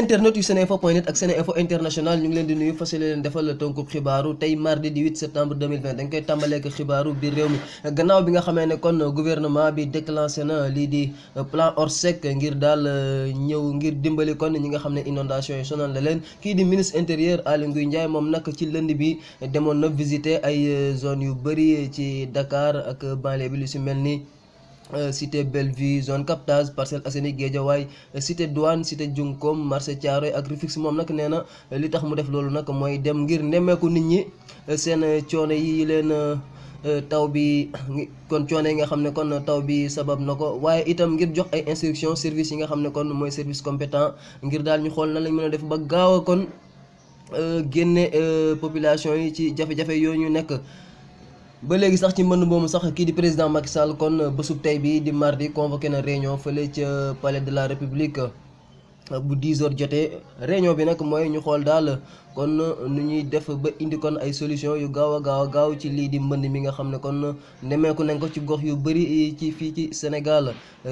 internet yu Seneinfo point net ak Seneinfo international ñu ngi leen di nuyu fas leen defal tënkub xibaaru tey mardi septembre 2020 koy tàmbaleek xibaaru biir réew mi gannaaw bi nga xamee ne kon gouvernement bi déclenché na lii di plan Orsec ngir daal euh, ñëw ngir dimbali kon ñi nga xam ne inondation yi sonal na leen kii di ministre intérieur Aly Ngouille Ndiaye moom nag ci lënd bi demoon na visiter ay euh, zone yu bëri ci dakaar ak banlieue bi lu si mel nii Euh, cité Bellevue zone captage Parcelles Assainies Guédiawaye euh, cité douane cité Junkom marché Thiaroye ak Rufisque moom nag nee na euh, li tax mu def loolu nag mooy dem ngir nemmeeku nit ñi seen coono yi leen taw bi kon coono yi nga xam ne kon taw bi sabab na ko waaye itam ngir jox ay instruction service yi nga xam ne kon mooy service compétent ngir daal ñu xool na lañ mën a def ba gaaw a kon génne population yi ci jafe-jafe yooyu ñu nekk ba léegi sax ci mbënn moomu sax kii di président Macky Sall kon bésub tey bii di mardi convoqué na réunion fële ca palais de la république bu 10 heures jotee réunion bi nag mooy ñu xool daal kon nu ñuy def ba indi kon ay solution yu gaaw a gaaw a gaaw ci lii di mbënn mi nga xam ne kon nemeeku nañ ko ci gox yu bëri ci fii ci Sénégal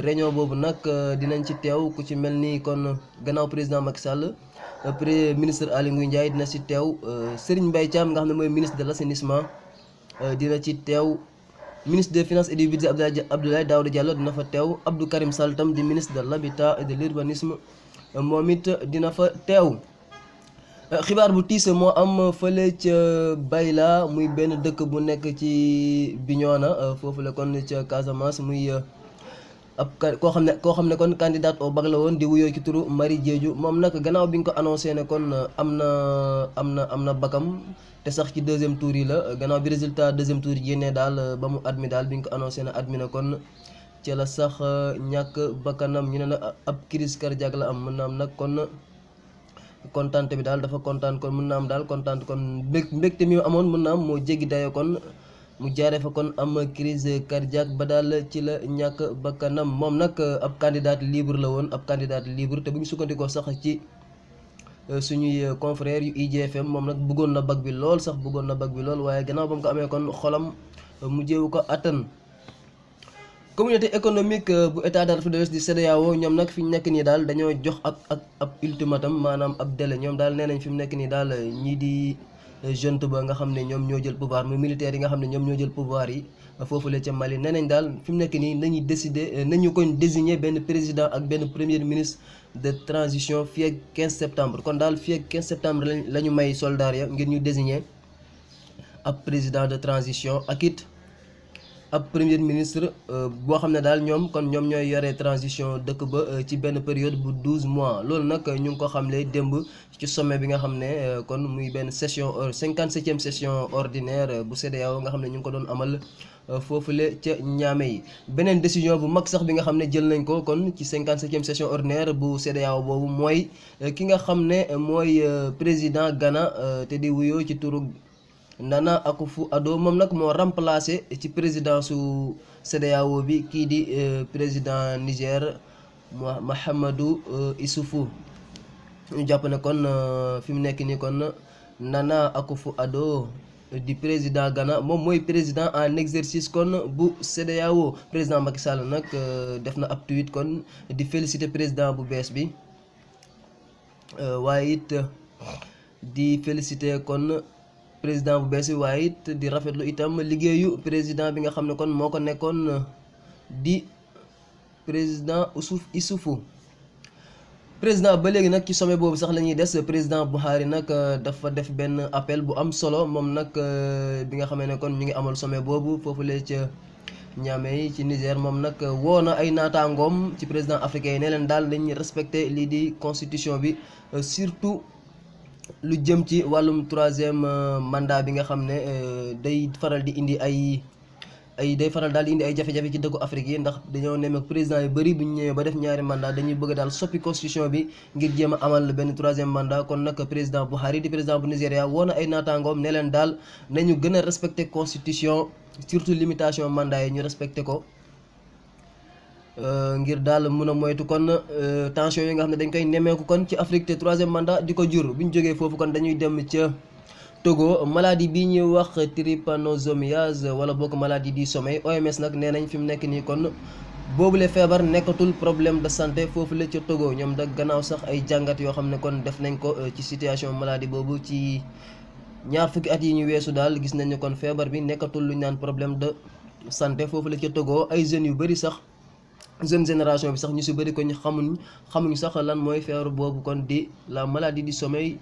réunion boobu nag dinañ ci teew ku ci mel ni kon gannaaw président Macky Sall après ministre Aly Ngouille Ndiaye dina ci teew Serigne Mbaye Thiam nga ne mooy ministre de l' assainissement. Euh, dina ci teew ministre de finance et du budget Abdoulaye Daouda Diallo dina fa teew Abdou Karim saltam tam di ministre de l'habitat et de l'urbanisme euh, moom it dina fa teew euh, xibaar bu tiis moo am fële ca Bayla muy benn dëkk bu nekk ci Bignona foofu la kon ca Casamance muy ab koo xam ne koo xam ne kon candidat au bag la woon di wuyoo ci turu Marie Diédiou moom nag gannaaw bi nga ko annoncé ne kon euh, am na am na am na bakam te sax ci deuxième tour yi la gannaaw bi résultat deuxième tour yi génnee daal euh, ba mu admis daal bi nga ko annoncé ne admis na kon ci la sax euh, ñàkk bakkanam ñu ne la ab crise cardiaque la am mën na am nag kon kontaan bi daal dafa kontaan kon mën naa am daal kontaan kon mbég mbégte mi amoon mën naa am moo jéggi dayoo kon mu jaare fa kon am crise cardiaque ba daal ci la ñàkk bakkanam moom nag ab candidat libre la woon ab candidat libre te bu ñu sukkandikoo sax ci euh, suñuy confrère yu IGFM moom nag bëggoon na bag bi lool sax bëggoon na bag bi lool waaye gannaaw ba mu ko amee kon xolam mu jéewu ko attan communauté économique euh, bu état d'Afrique de l'Ouest ñoom nag fi ñu nekk nii daal dañoo jox ak ak ab ultimatum maanaam ab délai ñoom daal nee nañ fi mu nekk nii daal ñii di Euh, junte ba nga xam ne ñoom ñoo jël pouvoir muy militaires yi nga xam ne ñoom ñoo jël pouvoir yi euh, foofule ca Mali nee daal fi mu nekk nii nañuy décider euh, nañu koñ désigner benn président ak benn premier ministre de transition fii ak 15 septembre kon daal fii septembre lañ la ñu may soldat ya ngir ñu désigner ak président de transition ak it ab premier ministre euh, boo xam ne daal ñoom kon ñoom ñooy yore transition dëkk ba euh, ci benn période bu douze mois loolu nag ñu ngi ko ne démb ci sommet bi nga xam ne euh, kon muy benn session cinquante septième session ordinaire bu CEDEAO nga xam ne ñu ngi ko doon amal foofu foofule ca ñaame yi beneen décision bu mag sax bi nga xam ne jël nañ ko kon ci cinquante septième session ordinaire bu CEDEAO boobu mooy ki nga xam ne mooy président Ghana te di wuyoo ci turu Nana Akufo-Addo moom nag moo remplacé ci président su CEDEAO bi kii di euh, président Niger Mahamadou euh, Issoufou ñu jàpp ne kon euh, fi mu nekk nii kon Nana akufo ado di président Ghana moom mooy président en exercice kon bu CEDEAO président Macky Sall nag def na ab tweet kon di féliciter président bu bees bi waaye it di féliciter kon. président bu bees bi waaye it di rafetlu itam liggéeyu président bi nga xam ne kon moo ko nekkoon di président Ousuf Issoufou président ba léegi nag ci sommet boobu sax la ñuy des président Buhari nag euh, dafa def benn appel bu am solo moom nag euh, bi nga xamee ne kon ñu ngi amal sommet boobu foofu la ca Niamey ci Niger moom nag euh, woo na ay naataangoom ci président africain yi ne leen daal dañuy respecté lii di constitution bi surtout. lu jëm ci wàllum troisième euh, mandat bi nga xam ne euh, day faral di indi ay ay day faral daal di indi ay jafe-jafe ci dëkku Afrique yi ndax dañoo nemmeek président yu bëri bu ñu ñëwee ba def ñaari mandat dañuy bëgg daal soppi constitution bi ngir jéem a amal benn troisième mandat kon nag président Buhari di président bu Nigéria woo na ay naataangoom ne leen daal nañu gën a respecté constitution surtout limitation mandat yi ñu respecté ko. Euh, ngir daal mun a moytu kon euh, tension yi nga xam ne dañ koy nemmeeku kon ci Afrique te troisième mandat di ko jur bu ñu jógee foofu kon dañuy dem ca Togo maladie bi ñuy wax trypanosomiase wala bokk maladie di sommeil OMS nag nee nañ fi mu nekk nii kon boobu la feebar nekkatul problème de santé foofu la ca Togo ñoom da gannaaw sax ay jàngat yoo xam ne kon def nañ ko euh, ci situation maladie boobu ci ñaar fukki at yi ñu weesu daal gis nañ ne kon feebar bi nekkatul lu ñu naan problème de santé foofu la ca ay jeunes yu bari sax. jeune génération bi sax ñu si bëri ko ñu xamuñ xamuñ sax lan mooy feebar boobu kon di la maladie du sommeil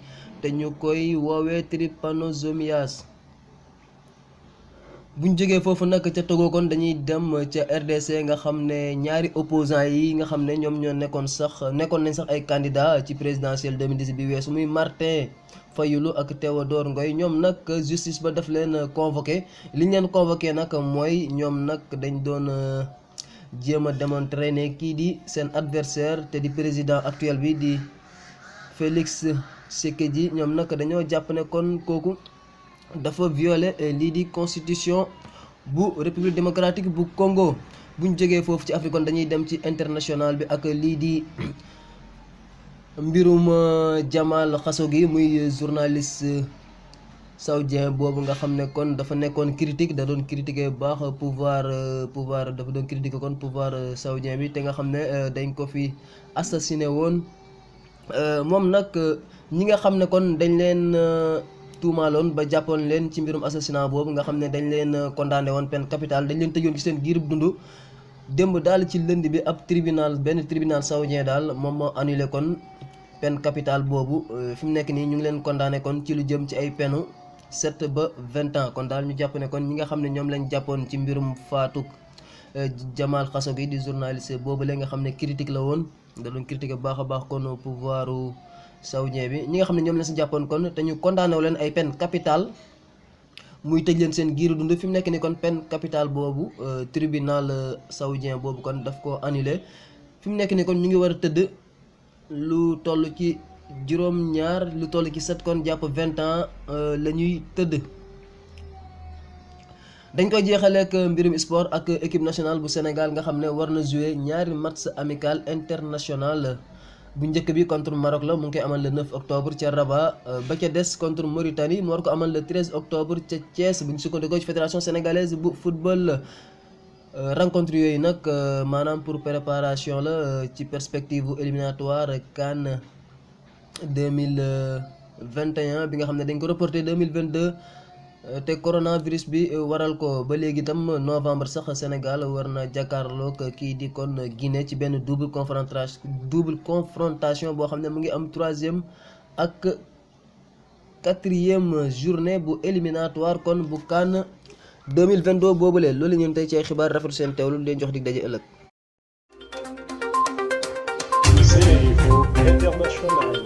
te ñu koy woowee trypanosomiase buñ jógee foofu nag ca Togo kon dañuy dem ca RDC nga xam ne ñaari opposants yi nga xam ne ñoom ñoo nekkoon sax nekkoon nañ sax ay candidats ci présidentielle 2010 bi weesu muy Martin Fayulu ak Théodore Ngoy ñoom nag justice ba daf leen convoqué liñ leen convoqué nag mooy ñoom nag dañ doon. jéem a démontrer ne kii di seen adversaire te di président actuel bi di Félix Tshisekedi ñoom nag dañoo jàpp ne kon kooku dafa violer eh, lii di constitution bu république démocratique bu Congo buñ jógee foofu ci Afrique kon dañuy dem ci international bi ak lii di mbirum eh, Jamal gi muy journaliste. saoudien boobu nga xam ne kon dafa nekkoon critique da doon critiquer bu baax pouvoir euh, pouvoir dafa doon critiquer kon pouvoir euh, saoudien bi te nga xam ne euh, dañ ko fi assassiné woon moom nag ñi nga xam ne kon dañ leen tuumaaloon ba jàppoon leen ci mbirum assassinat boobu nga xam ne dañ leen condamné woon peine capital dañ leen tëjoon ci seen giirub dund démb daal ci lënd bi ab tribunal benn tribunal saoudien daal moom moo annulé kon peine capital boobu fi mu nekk nii ñu ngi leen condamné kon ci lu jëm ci ay penu sept ba vingt ans kon daal ñu jàpp ne kon ñi nga xam ne ñoom lañ jàppoon ci mbirum faatuk euh, Jamal Khashoggi di journaliste boobu la nga xam ne critique la woon da doon critiquer bu baax a baax kon pouvoiru saoudien bi ñi nga xam ne ñoom lañ si jàppoon kon te ñu condamné wu leen ay peine capital muy tëj leen seen giiru dund fi mu nekk ni kon peine capital boobu euh, tribunal euh, saoudien boobu kon daf ko annulé fi mu nekk ni kon ñu ngi war a tëdd lu toll ci juróom ñaar lu toll ci set kon jàpp vingt ans euh, la ñuy tëdd. dañ koy jeexaleek mbirum sport ak équipe nationale bu Sénégal nga xam ne war na jouer ñaari match amical international bu njëkk bi contre Maroc la mu ngi koy amal le 9 octobre ca Rabat euh, ba ca des contre Mauritanie mu war ko amal la 13 octobre ca Thiès bu ñu sukkandikoo ci fédération sénégalaise bu football. Euh, rencontre yooyu nag maanaam pour préparation la ci perspective bu éliminatoire CAN deux mille euh, vingt et bi nga xam ne dañ ko reporté deux mille vingt deux euh, te coronavirus bi euh, waral ko ba léegi itam novembre sax Sénégal war na jàkkaarloog kii di kon Guinée ci benn double confrontation double confrontation boo xam ne mu ngi am troisième ak quatrième journée bu éliminatoire kon bu CAN 2022 boobule loolu ñun tey ci ay xibaar rafetlu seen teewlu leen jox dig daje ëllëg. Sénéinfo International.